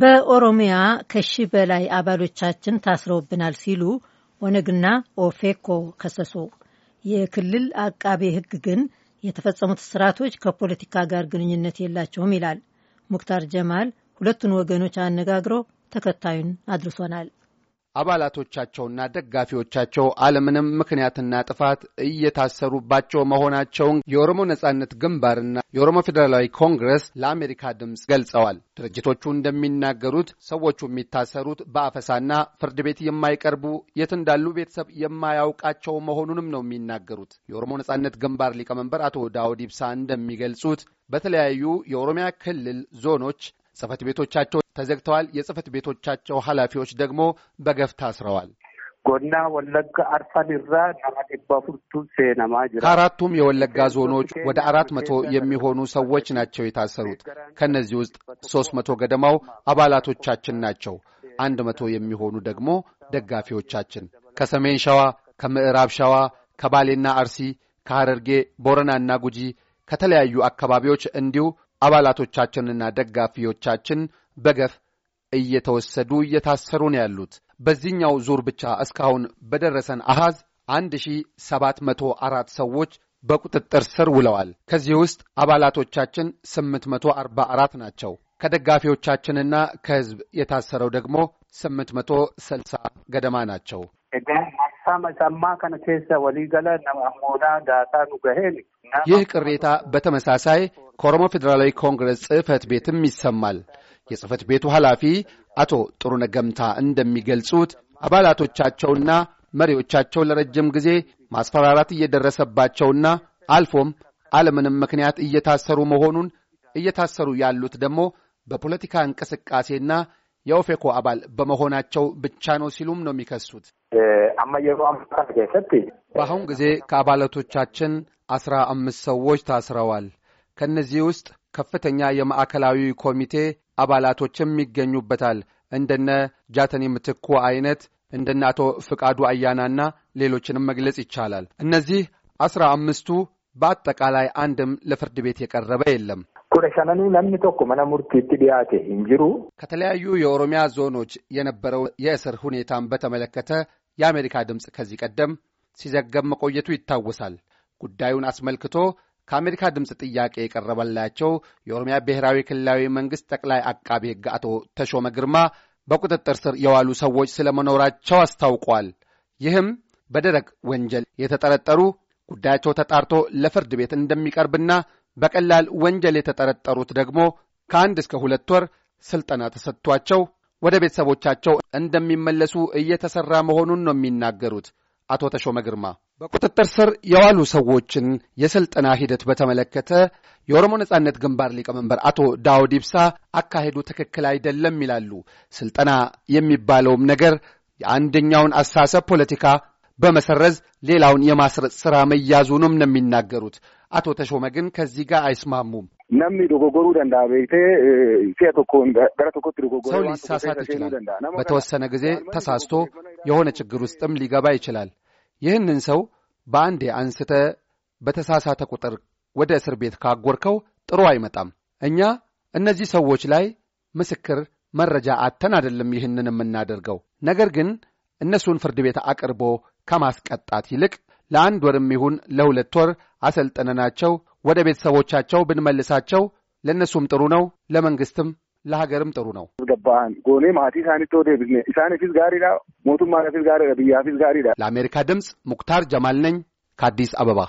በኦሮሚያ ከሺህ በላይ አባሎቻችን ታስረውብናል ሲሉ ኦነግና ኦፌኮ ከሰሱ። የክልል አቃቤ ሕግ ግን የተፈጸሙት ስርዓቶች ከፖለቲካ ጋር ግንኙነት የላቸውም ይላል። ሙክታር ጀማል ሁለቱን ወገኖች አነጋግሮ ተከታዩን አድርሶናል። አባላቶቻቸውና ደጋፊዎቻቸው አለምንም ምክንያትና ጥፋት እየታሰሩባቸው መሆናቸውን የኦሮሞ ነጻነት ግንባርና የኦሮሞ ፌዴራላዊ ኮንግረስ ለአሜሪካ ድምፅ ገልጸዋል። ድርጅቶቹ እንደሚናገሩት ሰዎቹ የሚታሰሩት በአፈሳና ፍርድ ቤት የማይቀርቡ የት እንዳሉ ቤተሰብ የማያውቃቸው መሆኑንም ነው የሚናገሩት። የኦሮሞ ነጻነት ግንባር ሊቀመንበር አቶ ዳውድ ኢብሳ እንደሚገልጹት በተለያዩ የኦሮሚያ ክልል ዞኖች ጽህፈት ቤቶቻቸው ተዘግተዋል። የጽህፈት ቤቶቻቸው ኃላፊዎች ደግሞ በገፍ ታስረዋል። ጎና ወለጋ አርፋን ራ ከአራቱም የወለጋ ዞኖች ወደ አራት መቶ የሚሆኑ ሰዎች ናቸው የታሰሩት። ከእነዚህ ውስጥ ሶስት መቶ ገደማው አባላቶቻችን ናቸው። አንድ መቶ የሚሆኑ ደግሞ ደጋፊዎቻችን ከሰሜን ሸዋ፣ ከምዕራብ ሸዋ፣ ከባሌና አርሲ፣ ከሐረርጌ፣ ቦረናና ጉጂ ከተለያዩ አካባቢዎች እንዲሁ አባላቶቻችንና ደጋፊዎቻችን በገፍ እየተወሰዱ እየታሰሩ ነው ያሉት። በዚህኛው ዙር ብቻ እስካሁን በደረሰን አሃዝ 1704 ሰዎች በቁጥጥር ስር ውለዋል። ከዚህ ውስጥ አባላቶቻችን 844 ናቸው። ከደጋፊዎቻችንና ከሕዝብ የታሰረው ደግሞ 860 ገደማ ናቸው። ይህ ቅሬታ በተመሳሳይ ከኦሮሞ ፌዴራላዊ ኮንግረስ ጽሕፈት ቤትም ይሰማል። የጽሕፈት ቤቱ ኃላፊ አቶ ጥሩነ ገምታ እንደሚገልጹት አባላቶቻቸውና መሪዎቻቸው ለረጅም ጊዜ ማስፈራራት እየደረሰባቸውና አልፎም አለምንም ምክንያት እየታሰሩ መሆኑን እየታሰሩ ያሉት ደግሞ በፖለቲካ እንቅስቃሴና የኦፌኮ አባል በመሆናቸው ብቻ ነው ሲሉም ነው የሚከሱት። በአሁን ጊዜ ከአባላቶቻችን አስራ አምስት ሰዎች ታስረዋል። ከእነዚህ ውስጥ ከፍተኛ የማዕከላዊ ኮሚቴ አባላቶችም ይገኙበታል። እንደነ ጃተኒ ምትኩ አይነት እንደነ አቶ ፍቃዱ አያናና ሌሎችንም መግለጽ ይቻላል። እነዚህ አስራ አምስቱ በአጠቃላይ አንድም ለፍርድ ቤት የቀረበ የለም። ቶኮ መነ እንጅሩ ከተለያዩ የኦሮሚያ ዞኖች የነበረው የእስር ሁኔታን በተመለከተ የአሜሪካ ድምፅ ከዚህ ቀደም ሲዘገብ መቆየቱ ይታወሳል። ጉዳዩን አስመልክቶ ከአሜሪካ ድምፅ ጥያቄ የቀረበላቸው የኦሮሚያ ብሔራዊ ክልላዊ መንግስት ጠቅላይ አቃቤ ሕግ አቶ ተሾመ ግርማ በቁጥጥር ስር የዋሉ ሰዎች ስለመኖራቸው አስታውቋል። ይህም በደረቅ ወንጀል የተጠረጠሩ ጉዳያቸው ተጣርቶ ለፍርድ ቤት እንደሚቀርብና በቀላል ወንጀል የተጠረጠሩት ደግሞ ከአንድ እስከ ሁለት ወር ስልጠና ተሰጥቷቸው ወደ ቤተሰቦቻቸው እንደሚመለሱ እየተሰራ መሆኑን ነው የሚናገሩት። አቶ ተሾመ ግርማ በቁጥጥር ስር የዋሉ ሰዎችን የስልጠና ሂደት በተመለከተ የኦሮሞ ነጻነት ግንባር ሊቀመንበር አቶ ዳውድ ኢብሳ አካሄዱ ትክክል አይደለም ይላሉ። ስልጠና የሚባለውም ነገር የአንደኛውን አሳሰብ ፖለቲካ በመሰረዝ ሌላውን የማስረጽ ስራ መያዙንም ነው የሚናገሩት። አቶ ተሾመ ግን ከዚህ ጋር አይስማሙም። ነሚ ዶጎጎሩ ደንዳ ቤቴ ሰው ሊሳሳት ይችላል። በተወሰነ ጊዜ ተሳስቶ የሆነ ችግር ውስጥም ሊገባ ይችላል። ይህንን ሰው በአንዴ አንስተ በተሳሳተ ቁጥር ወደ እስር ቤት ካጎርከው ጥሩ አይመጣም። እኛ እነዚህ ሰዎች ላይ ምስክር መረጃ አተን አይደለም ይህንን የምናደርገው። ነገር ግን እነሱን ፍርድ ቤት አቅርቦ ከማስቀጣት ይልቅ ለአንድ ወርም ይሁን ለሁለት ወር አሰልጥነናቸው ወደ ቤተሰቦቻቸው ብንመልሳቸው ለእነሱም ጥሩ ነው፣ ለመንግሥትም ለሀገርም ጥሩ ነው። ገባን ጎኔ ማቲ ሳኒቶ ዴብዝኔ ኢሳኒፊስ ጋሪዳ ሞቱም ማለፊስ ጋሪ ብያፊስ ጋሪዳ። ለአሜሪካ ድምፅ ሙክታር ጀማል ነኝ ከአዲስ አበባ